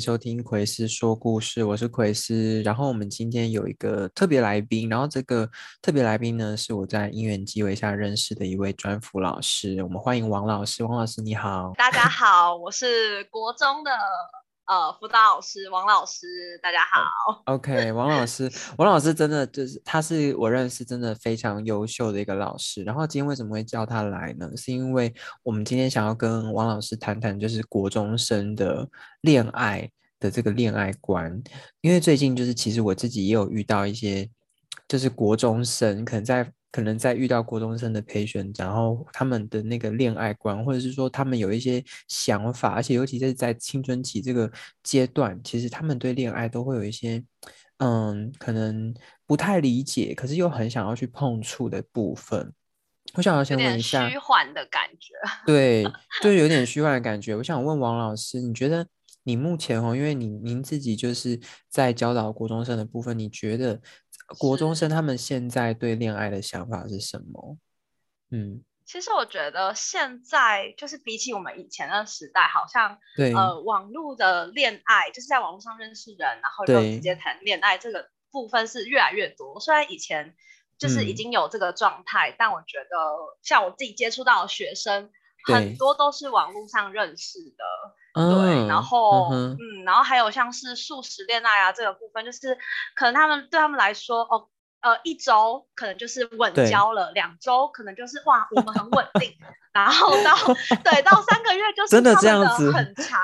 收聽奎斯說故事，我是奎斯。然後我們今天有一個特別來賓，然後這個特別來賓呢是我在因緣際會下認識的一位專輔老師。我們歡迎王老師，王老師你好，大家好，我是國中的。 呃，輔導老師王老師，大家好。OK，王老師，王老師真的就是，他是我認識真的非常優秀的一個老師。然後今天為什麼會叫他來呢？是因為我們今天想要跟王老師談談，就是國中生的戀愛的這個戀愛觀。因為最近就是其實我自己也有遇到一些，就是國中生可能在。可能在遇到國中生的 patient 然後他們的那個戀愛觀，或者是說他們有一些想法，而且尤其是在，在青春期這個階段，其實他們對戀愛都會有一些，嗯，可能不太理解，可是又很想要去碰觸的部分。我想要先問一下有點，虛幻的感覺，對，就有點虛幻的感覺。我想問王老師，你覺得你目前哦，因為你您自己就是在教導國中生的部分，你覺得？國中生他們現在對戀愛的想法是什麼？嗯，其實我覺得現在就是比起我們以前的時代，好像對呃網絡的戀愛，就是在網絡上認識人，然後就直接談戀愛這個部分是越來越多。雖然以前就是已經有這個狀態，嗯，但我覺得像我自己接觸到的學生。對很多都是網絡上認識的，嗯、對，然後嗯，嗯，然後還有像是速食戀愛啊這個部分，就是可能他們對他們來說，哦，呃，一周可能就是穩交了，兩周對可能就是哇，我們很穩定， 然後到 對到三個月就是的真的這樣子很長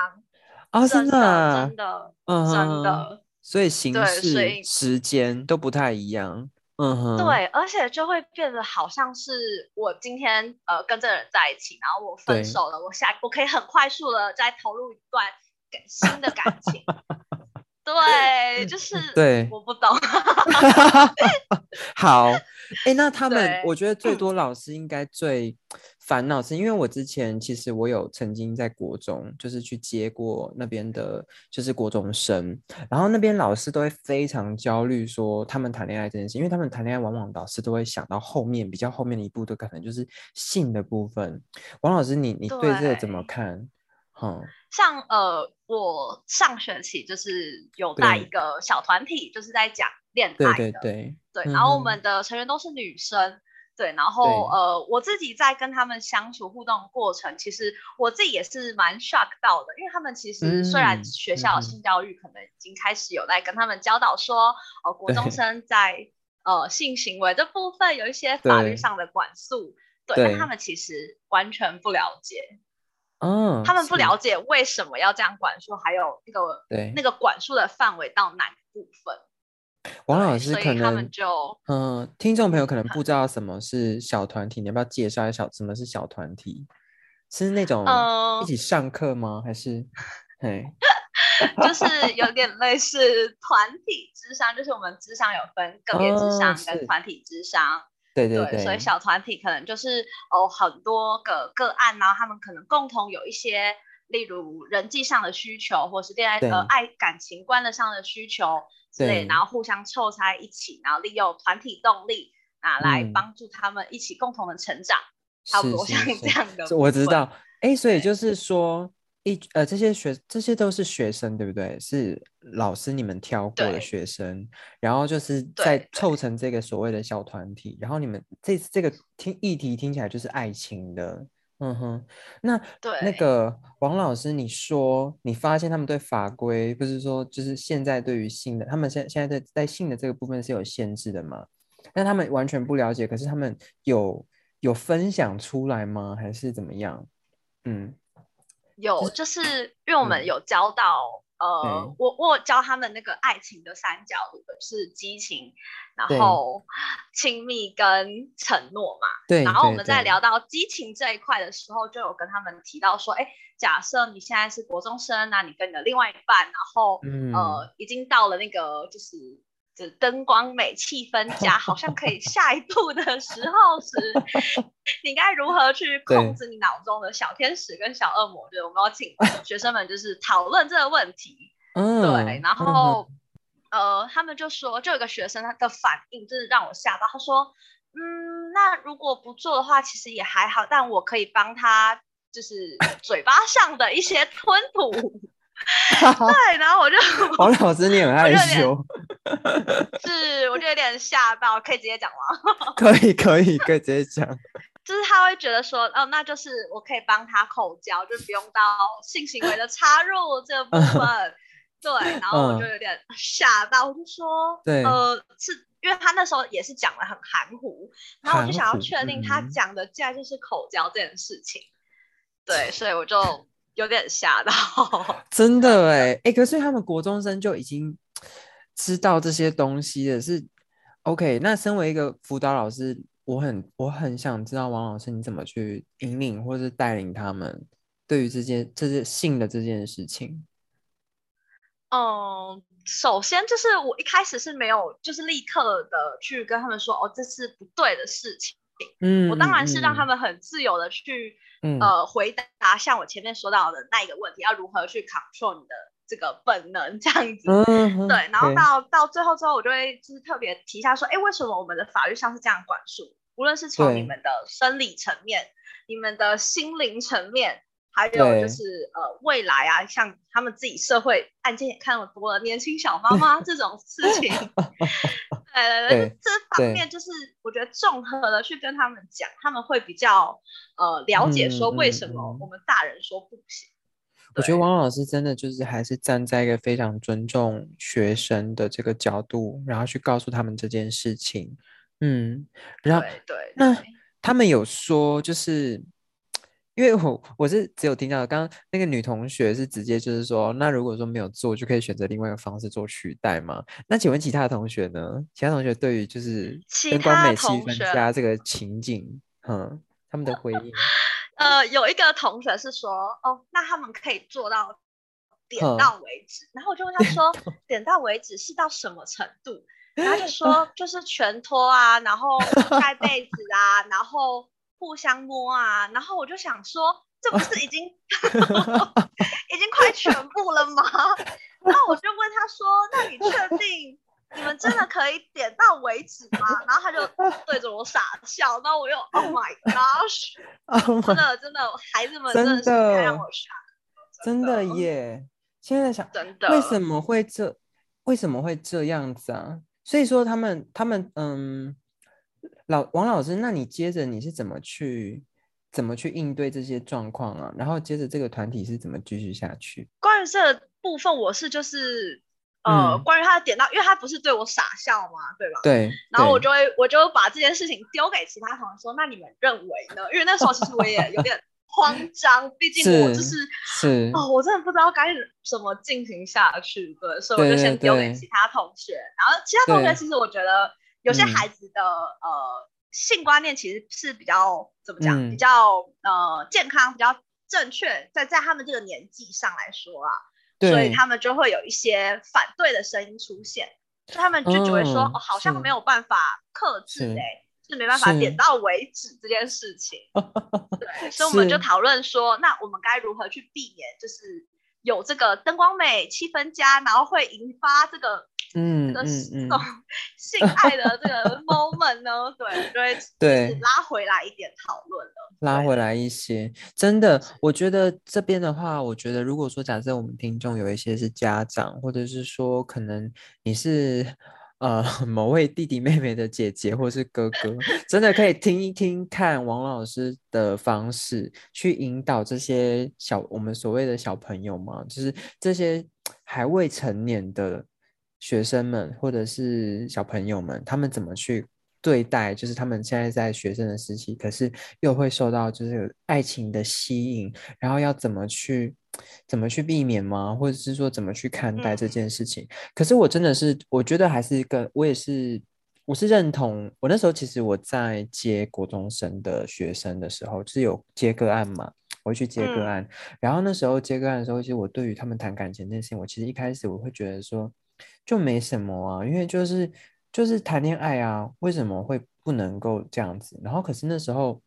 啊，啊，真的真的嗯真的，所以形式對所以時間都不太一樣。嗯哼、對，而且就會變得好像是我今天呃跟這個人在一起，然後我分手了，對我下我可以很快速的再投入一段新的感情。 對，就是對，我不懂。 好、欸，那他們，我覺得最多老師應該最。嗯煩惱是因為我之前其實我有曾經在國中，就是去接過那邊的，就是國中生，然後那邊老師都會非常焦慮說他們談戀愛這件事，因為他們談戀愛往往老師都會想到後面，比較後面的一步，都可能就是性的部分。王老師，你你對這個怎麼看？對嗯、像呃，我上學期就是有帶一個小團體，就是在講戀愛的，對對對，對，對對對嗯、然後我們的成員都是女生。對，然後對呃，我自己在跟他們相處互動過程，其實我自己也是蠻 shock 到的，因為他們其實雖然學校性教育可能已經開始有在跟他們教導說，對呃，國中生在呃性行為的部分有一些法律上的管束，對，對但他們其實完全不了解，嗯、哦，他們不了解為什麼要這樣管束，是還有那個對那個管束的範圍到哪個部分。王老師可能嗯、呃，聽眾朋友可能不知道什麼是小團體，團體你要不要介紹一下什麼是小團體？是那種一起上課嗎？呃、還是？哎，就是有點類似團體諮商， 就是我們諮商有分個別諮商跟團體諮商、哦，對對對，對所以小團體可能就是哦、呃、很多個個案呢、啊，他們可能共同有一些，例如人際上的需求，或是戀愛的愛對感情觀的上的需求。對，所以然後互相湊在一起，對然後利用團體動力啊，來幫助他們一起共同的成長，嗯，差不多像這樣的。是是是我知道，哎，所以就是說，對一呃，這些學這些都是學生，對不對？是老師你們挑過的學生，對然後就是在湊成這個所謂的小團體，對對，然後你們這這個聽議題聽起來就是愛情的。嗯哼，那對那個王老師，你說你發現他們對法規，不是說就是現在對於性的，他們現在現在在在性的這個部分是有限制的嗎？但他們完全不了解，可是他們有有分享出來嗎？還是怎麼樣？嗯，有，就是、就是因為我們有教到。嗯呃，對我我有教他們那個愛情的三角，就是激情，然後親密跟承諾嘛。對。然後我們在聊到激情這一塊的時候，就有跟他們提到說，哎，假設你現在是國中生那、啊、你跟你的另外一半，然後、嗯、呃，已經到了那個就是。燈光美，氣氛佳，好像可以下一步的時候是， 你該如何去控制你腦中的小天使跟小惡魔？就對我們要請學生們就是討論這個問題。 對，然後 呃，他們就說，就有個學生的反應就是讓我嚇到，他說：“嗯，那如果不做的話，其實也還好，但我可以幫他就是嘴巴上的一些吞吐。” 對，然後我就王老師，你很害羞 是，我就有點嚇到，可以直接講嗎？ 可以，可以，可以直接講。 就是他會覺得說，哦、呃，那就是我可以幫他口交，就是不用到性行為的插入這部分。 對，然後我就有點嚇到， 我就說，對，呃，是因為他那時候也是講得很含糊，然後我就想要確定他講的“然就是口交這件事情。對，所以我就。 有點嚇到， 真的哎、欸、哎、欸，可是他們國中生就已經知道這些東西了，是 OK。那身為一個輔導老師，我很我很想知道王老師你怎麼去引領或是帶領他們對於這些這些性的這件事情。嗯，首先就是我一開始是沒有就是立刻的去跟他們說哦這是不對的事情。嗯，嗯嗯我當然是讓他們很自由的去。嗯、呃，回答，像我前面說到的那一個問題，要如何去 control 你的這個本能這樣子？嗯嗯、對，然後到 okay. 到最後之後，我就會就是特別提一下說，哎，為什麼我們的法律上是這樣管束？無論是從你們的生理層面、對你們的心靈層面，還有就是對呃未來啊，像他們自己社會案件也看了很多了，年輕小媽媽這種事情。 呃，欸、對這方面就是我覺得綜合的去跟他們講，對他們會比較呃了解說為什麼我們大人說不行。嗯、對我覺得王老師真的就是還是站在一個非常尊重學生的這個角度，然後去告訴他們這件事情。嗯，然後對，對那對他們有說就是。因為我我是只有聽到剛剛那個女同學是直接就是說，那如果說沒有做就可以選擇另外一個方式做取代嘛？那請問其他的同學呢？其他同學對於就是跟關美同學加這個情景，嗯，他們的回應。呃，有一個同學是說，哦，那他們可以做到點到為止。嗯，然後我就問他說， 點到為止是到什麼程度？然後就說，哦，就是全脫啊，然後蓋被子啊， 然後。.互相摸啊，然後我就想說，這不是已經、oh. 已經快全部了嗎？那 我就問他說：“那你確定你們真的可以點到為止嗎？” oh. 然後他就對着我傻笑。然後我又 Oh my gosh！Oh my. 真的真的，孩子們真的太讓我傻，真的，真的耶！現在想，真的為什麼會這為什麼會這樣子啊？所以說他們他們嗯。老王老師，那你接着你是怎麼去怎麼去應對這些狀況啊？然後接着這個團體是怎麼繼續下去？關於這部分，我是就是呃，嗯、關於他的點到，因為他不是對我傻笑嘛，對吧？對。然後我就會，對我就把這件事情丟給其他同學說：“那你們認為呢？”因為那時候其實我也有點慌張，畢 竟我就是是，是哦，我真的不知道該怎麼進行下去，對，所以我就先丟給其他同學。對對對然後其他同學，其實我覺得。有些孩子的、嗯、呃性觀念其實是比較怎麼講，比較、嗯、呃健康、比較正確，在在他們這個年紀上來說啊，對所以他們就會有一些反對的聲音出現，他們就覺得說、嗯哦、好像沒有辦法克制誒、欸，是，是，是沒辦法點到為止這件事情，是對，所以我們就討論說， 是那我們該如何去避免，就是。有這個燈光美，氣氛佳，然後會引發這個，嗯，這個這種性愛的這個 moment 呢？ 對，對，對，拉回來一點討論了，對拉回來一些，對真的，我覺得這邊的話，我覺得如果說假設我們聽眾有一些是家長，或者是說可能你是。呃，某位弟弟妹妹的姐姐或是哥哥，真的可以聽一聽看王老師的方式去引導這些小我們所謂的小朋友嗎？就是這些還未成年的學生們或者是小朋友們，他們怎麼去對待？就是他們現在在學生的時期，可是又會受到就是愛情的吸引，然後要怎麼去？怎麼去避免嗎？或者是說怎麼去看待這件事情？嗯、可是我真的是，我覺得還是一個。我也是，我是認同。我那時候其實我在接國中生的學生的時候，是有接個案嘛，我去接個案。嗯、然後那時候接個案的時候，其實我對於他們談感情的那些，我其實一開始我會覺得說就沒什麼啊，因為就是就是談戀愛啊，為什麼會不能夠這樣子？然後可是那時候。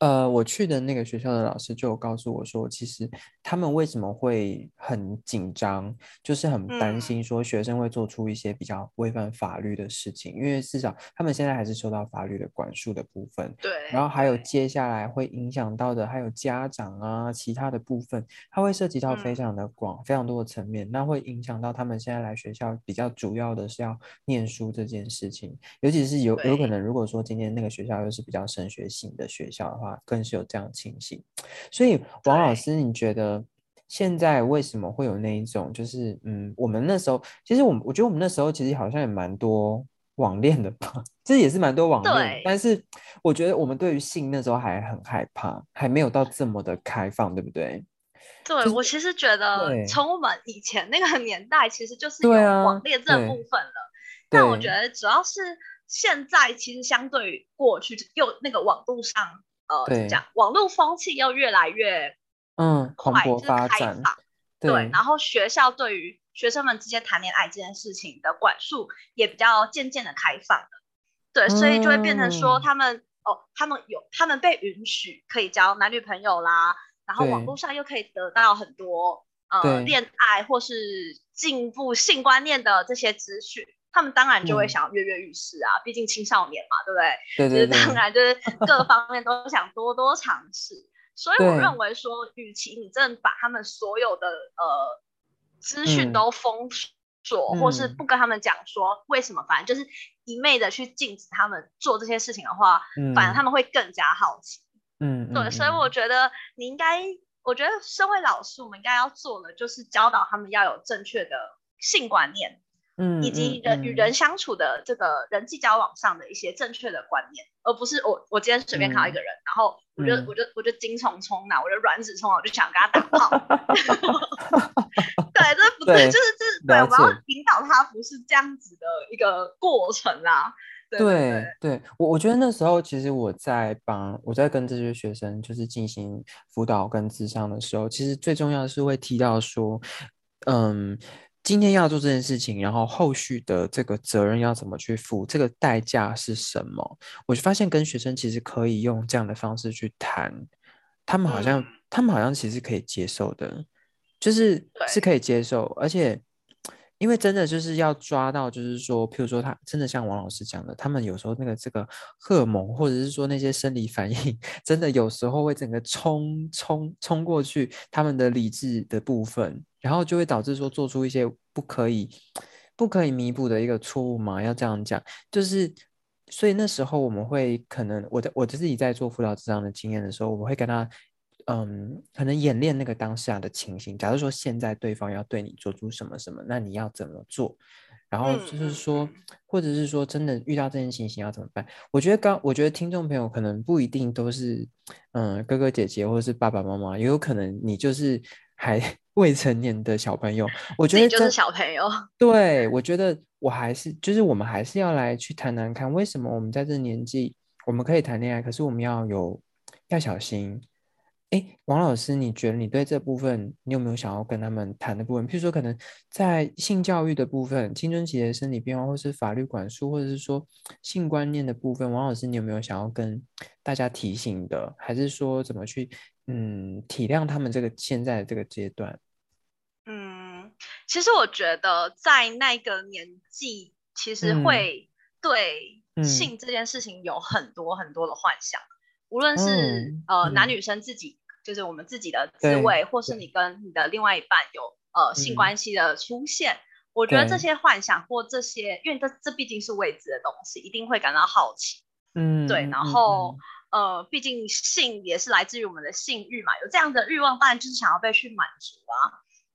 呃，我去的那個學校的老師就有告訴我說，其實他們為什麼會很緊張，就是很擔心說學生會做出一些比較違反法律的事情，嗯、因為至少他們現在還是受到法律的管束的部分。對。然後還有接下來會影響到的還有家長啊，其他的部分，它會涉及到非常的廣，嗯、非常多的層面，那會影響到他們現在來學校比較主要的是要念書這件事情，尤其是有有可能如果說今天那個學校又是比較升學型的學校的話。更是有這樣的情形，所以王老師，對你覺得現在為什麼會有那一種就是嗯，我們那時候其實我們我覺得我們那時候其實好像也蠻多網戀的吧，這也是蠻多網戀。對但是我覺得我們對於性那時候還很害怕，還沒有到這麼的開放，對不對？對就我其實覺得，從我們以前那個年代，其實就是有網戀這部分了。啊，但我覺得主要是現在其實相對於過去，又那個網絡上。對，這樣、呃、網絡風氣又越來越嗯，快發展。對，然後學校對於學生們之間談戀愛這件事情的管束也比較漸漸的開放了。對，所以就會變成說他們、嗯、哦，他們有，他們被允許可以交男女朋友啦，然後網絡上又可以得到很多對呃對戀愛或是進步性觀念的這些資訊。他們當然就會想躍躍欲試啊，嗯、畢竟青少年嘛，對不對？對，對，對就是當然，就是各個方面都想多多嘗試。 所以我認為說，對與其你真的把他們所有的呃資訊都封鎖，嗯、或是不跟他們講說、嗯、為什麼，反正就是一味的去禁止他們做這些事情的話，嗯、反而他們會更加好奇。嗯，對。嗯、所以我覺得你應該，我覺得身為老師我們應該要做的就是教導他們要有正確的性觀念，以及人與人相處的這個人際交往上的一些正確的觀念，嗯嗯、而不是我我今天隨便看到一個人，嗯、然後我就、嗯、我就我就得精蟲衝腦呢，我就得、啊、卵子衝腦、啊、我就想跟他打炮。 對，這不是對就是就對，解我要引導他不是這樣子的一個過程啦、啊。對對，我我覺得那時候其實我在幫我，在跟這些學生就是進行輔導跟諮商的時候，其實最重要的是會提到說，嗯。今天要做這件事情，然後後續的這個責任要怎麼去負？這個代價是什麼？我就發現跟學生其實可以用這樣的方式去談，他們好像、嗯、他們好像其實可以接受的，就是是可以接受，對而且。因為真的就是要抓到，就是說，譬如說他真的像王老師講的，他們有時候那個這個荷爾蒙，或者是說那些生理反應，真的有時候會整個衝衝衝過去他們的理智的部分，然後就會導致說做出一些不可以、不可以彌補的一個錯誤嘛。要這樣講，就是所以那時候我們會可能，我的我自己在做輔導這樣的經驗的時候，我們會跟他。嗯，可能演練那個當下、啊、的情形。假如說現在對方要對你做出什麼什麼，那你要怎麼做？然後就是說，嗯、或者是說，真的遇到這件事情要怎麼辦？我覺得剛，我覺得聽眾朋友可能不一定都是嗯哥哥姐姐或者是爸爸媽媽，也有可能你就是還未成年的小朋友。我覺得你就是小朋友。對，我覺得我還是就是我們還是要來去談談看，為什麼我們在這年紀我們可以談戀愛，可是我們要有要小心。哎，王老師，你覺得你對這部分，你有沒有想要跟他們談的部分？比如說，可能在性教育的部分，青春期的生理變化，或是法律管束，或者是說性觀念的部分，王老師，你有沒有想要跟大家提醒的？還是說，怎麼去嗯體諒他們這個現在的這個階段？嗯，其實我覺得在那個年紀，其實會對性這件事情有很多很多的幻想。無論是、嗯、呃，男女生自己，嗯、就是我們自己的自慰，對或是你跟你的另外一半有呃，性關係的出現，嗯、我覺得這些幻想或這些，對因為這這畢竟是未知的東西，一定會感到好奇，嗯，對。然後、嗯、呃，畢竟性也是來自於我們的性欲嘛，有這樣的慾望，當然就是想要被去滿足啊，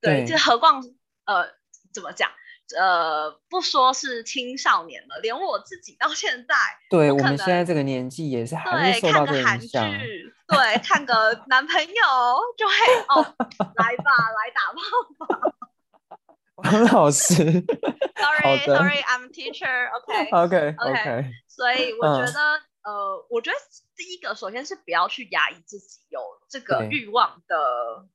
對。就對何況呃，怎麼講？呃，不說是青少年了，連我自己到現在，對我們現在這個年紀也是受到影響。對，看個韓劇，對，看個男朋友就會哦，來吧，來打炮吧，王老師，sorry，sorry，I'm teacher，OK，OK，OK。所以我覺得，呃，我覺得第一個，首先是不要去壓抑自己有這個慾望的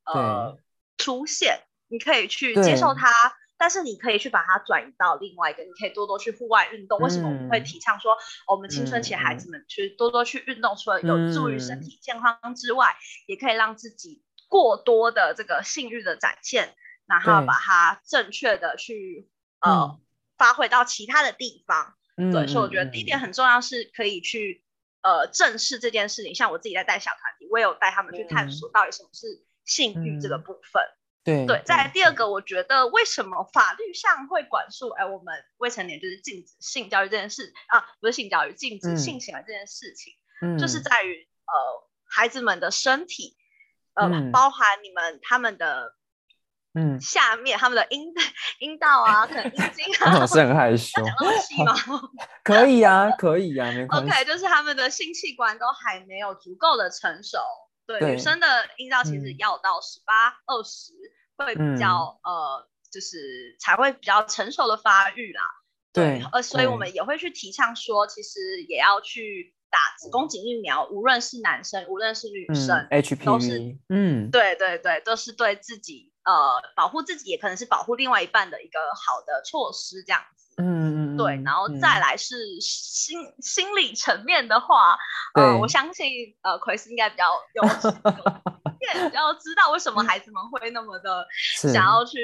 呃出現，你可以去接受它。但是你可以去把它轉移到另外一個，你可以多多去戶外運動。為什麼我們會提倡說，嗯哦、我們青春期孩子們去多多去運動，嗯、除了有助於身體健康之外，嗯、也可以讓自己過多的這個性慾的展現，然後把它正確的去對呃、嗯、發揮到其他的地方。嗯、對，所以我覺得第一點很重要，是可以去呃正視這件事情。像我自己在帶小團體，我也有帶他們去探索到底什麼是性慾這個部分。嗯嗯嗯對，在第二個，我覺得為什麼法律上會管束？哎，我們未成年就是禁止性教育這件事啊，不是性教育，禁止性行為這件事情，就是在於呃孩子們的身體，呃包含你們他們的嗯下面，他們的陰陰道啊，可能陰莖，啊，老師很害羞，可以啊可以啊沒關係。OK，就是他們的性器官都還沒有足夠的成熟。對，女生的陰道其實要到十八二十會比較、嗯、呃，就是才會比較成熟的發育啦。對，呃對，所以我們也會去提倡說，其實也要去打子宮頸疫苗，嗯、無論是男生無論是女生、嗯、HPV，都是嗯，對對對，都是對自己。呃，保護自己也可能是保護另外一半的一個好的措施，這樣子。嗯，對。然後再來是心、嗯、心理層面的話，呃，對我相信呃，奎斯應該比較有， 因為比較知道為什麼孩子們會那麼的想要去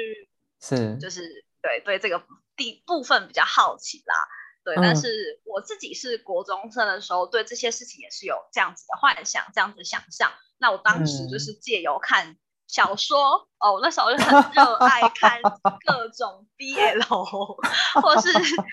是，是就是對對這個地部分比較好奇啦。對，嗯、但是我自己是國中生的時候，對這些事情也是有這樣子的幻想，這樣子想象。那我當時就是借由看、嗯。小說哦，那時候就很熱愛看各種 BL， 或是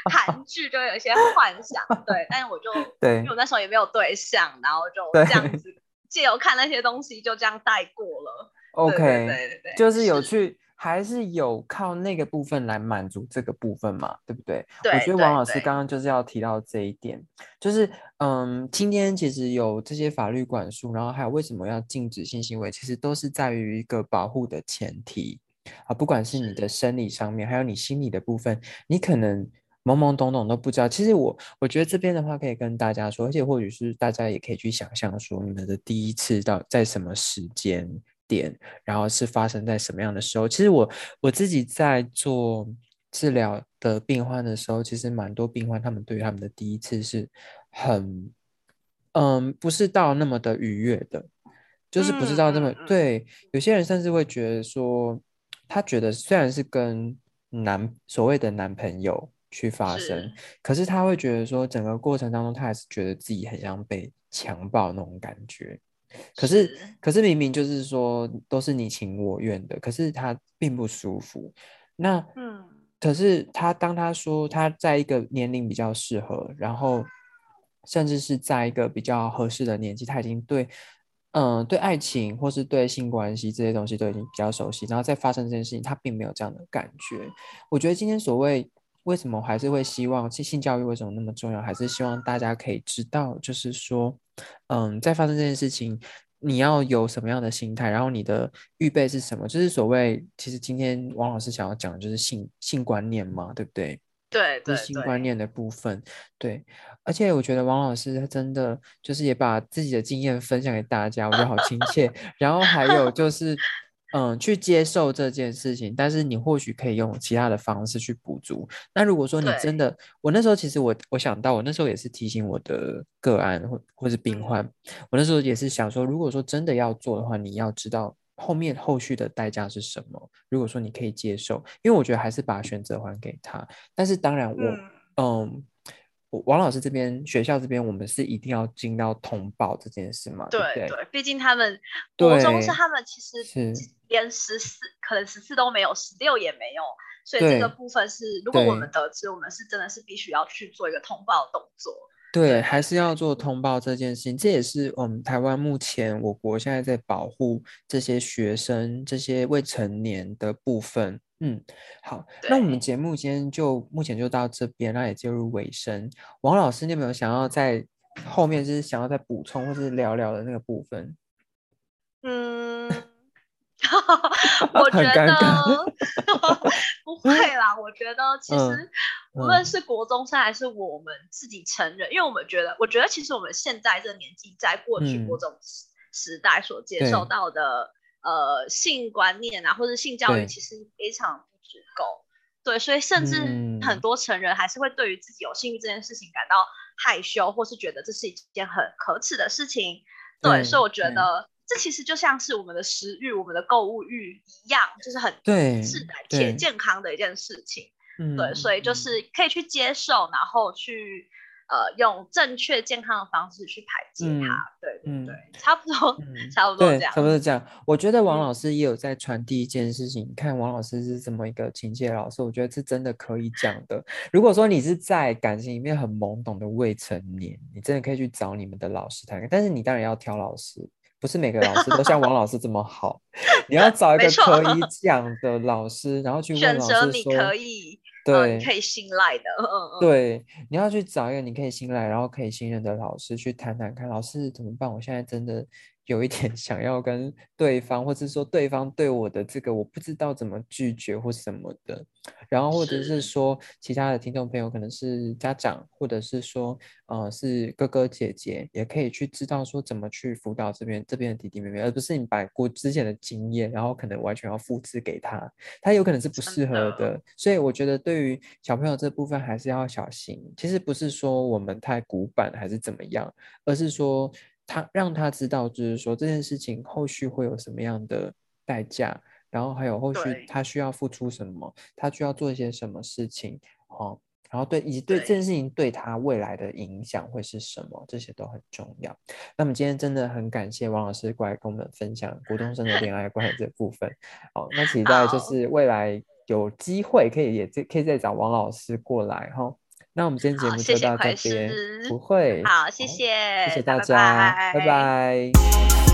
韓劇，就有一些幻想，對。但是我就對，因為我那時候也沒有對象，然後就這樣子借由看那些東西，就這樣帶過了。OK，對對對，對對對，就是有去。還是有靠那個部分來滿足這個部分嘛，對不對？對我覺得王老師剛剛就是要提到這一點，就是嗯，今天其實有這些法律管束，然後還有為什麼要禁止性行為，其實都是在於一個保護的前提啊，不管是你的生理上面，是還有你心理的部分，你可能懵懵懂懂都不知道。其實我我覺得這邊的話可以跟大家說，而且或許是大家也可以去想象說，你們的第一次到在什麼時間。點，然後是發生在什麼樣的時候？其實我我自己在做治療的病患的時候，其實蠻多病患，他們對於他們的第一次是很，嗯，不是到那麼的愉悅的，就是不是到那麼、嗯、對。有些人甚至會覺得說，他覺得雖然是跟男所謂的男朋友去發生，是可是他會覺得說，整個過程當中，他還是覺得自己很像被強暴那種感覺。可是，可是明明就是說，都是你情我願的，可是他並不舒服。那，可是他，當他說他在一個年齡比較適合，然後甚至是在一個比較合適的年紀，他已經對，嗯、呃，對愛情或是對性關係這些東西都已經比較熟悉，然後再發生這件事情，他並沒有這樣的感覺。我覺得今天所謂。為什麼還是會希望性性教育為什麼那麼重要？還是希望大家可以知道，就是說，嗯，在發生這件事情，你要有什麼樣的心態，然後你的預備是什麼？就是所謂，其實今天王老師想要講的就是性性觀念嘛，對不對？對，對對，就是性觀念的部分。對，而且我覺得王老師他真的就是也把自己的經驗分享給大家，我覺得好親切。 然後還有就是。嗯，去接受這件事情，但是你或許可以用其他的方式去補足。那如果說你真的，對我那時候其實我我想到，我那時候也是提醒我的個案或或是病患，嗯、我那時候也是想說，如果說真的要做的話，你要知道後面後續的代價是什麼。如果說你可以接受，因為我覺得還是把選擇還給他。但是當然我，我嗯。嗯王老師這邊學校這邊，我們是一定要盡到通報這件事嘛？對對，畢竟他們，對，國中是他們其實連十四是可能十四都沒有，十六也沒有，所以這個部分是，對如果我們得知，對我們是真的是必須要去做一個通報的動作。對，對對還是要做通報這件事情，這也是我們台灣目前我國現在在保護這些學生這些未成年的部分。嗯，好，對那我們節目今天就目前就到這邊，那也進入尾聲。王老師你有沒有想要在後面，就是想要再補充或是聊聊的那個部分？嗯，我覺得 尷尬我不會啦。我覺得其實、嗯、無論是國中生還是我們自己成人，嗯、因為我們覺得，我覺得其實我們現在這年紀，在過去國中時時代所接受到的、嗯。呃，性觀念啊，或是性教育其實非常不足夠，對，對，所以甚至很多成人還是會對於自己有性欲這件事情感到害羞，或是覺得這是一件很可恥的事情，對，對，所以我覺得這其實就像是我們的食欲、對我們的購物慾一樣，就是很自然且健康的一件事情，嗯，對，對，所以就是可以去接受，然後去。呃，用正確健康的方式去排解他，嗯、對、對、對，嗯，對，差不多，差不多這樣，差不多這樣。我覺得王老師也有在傳遞一件事情。嗯、看王老師是怎麼一個親切的老師，我覺得是真的可以講的。如果說你是在感情裡面很懵懂的未成年，你真的可以去找你們的老師談。但是你當然要挑老師，不是每個老師都像王老師這麼好。 你要找一個可以講的老師， 然後去問老師說，選擇你可以。對，哦、可以信賴的。嗯嗯對，你要去找一個你可以信賴，然後可以信任的老師去談談看，老師怎麼辦？我現在真的。有一點想要跟對方，或者是說，對方對我的這個，我不知道怎麼拒絕或什麼的。然後或者是說其他的聽眾朋友，可能是家長，或者是說呃是哥哥姐姐，也可以去知道說怎麼去輔導這邊這邊的弟弟妹妹，而不是你把過之前的經驗，然後可能完全要複製給他，他有可能是不適合的。所以我覺得，對於小朋友這部分還是要小心。其實不是說我們太古板還是怎麼樣，而是說。他讓他知道，就是說這件事情後續會有什麼樣的代價，然後還有後續他需要付出什麼，對他需要做一些什麼事情，哦，然後對以及對這件事情對他未來的影響會是什麼，對這些都很重要。那麼今天真的很感謝王老師過來跟我們分享國中生的戀愛觀這部分。 哦，那期待就是未來有機會可以也可以再找王老師過來，哈、哦。那我們今天節目就到這邊，不會，好，謝謝，謝謝，謝謝大家，拜拜。拜拜，拜拜。